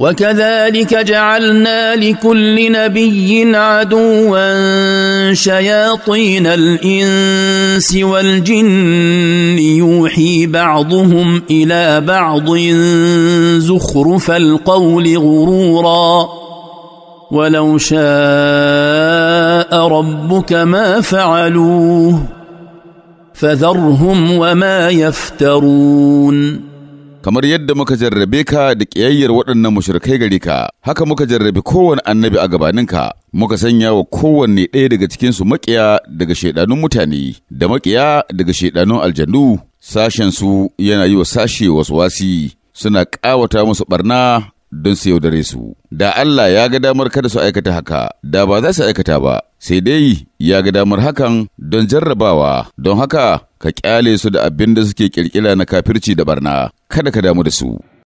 وكذلك جعلنا لكل نبي عدوا شياطين الانس والجن يوحي بعضهم الى بعض زخرف القول غرورا ولو شاء ربك ما فعلوه فذرهم وما يفترون kamar yadda muka jarrabe ka da ƙiyayyar waɗannan mushrikai gare ka, haka muka jarrabe kowane annabi a gabaninka, muka sanya wa kowanne ɗaya daga cikinsu maƙiya daga shaidanun mutane, da maƙiya daga shaidanun aljannu, sashensu yana yi wa sashe wasu wasi, suna ƙawata musu barna don su yaudare su. Da Allah ya ga damar kada su aikata haka, da ba za su aikata ba, sai dai ya ga damar hakan don jarrabawa, don haka ka kyale su da abin da suke kirkira na kafirci da barna, kada ka damu da su.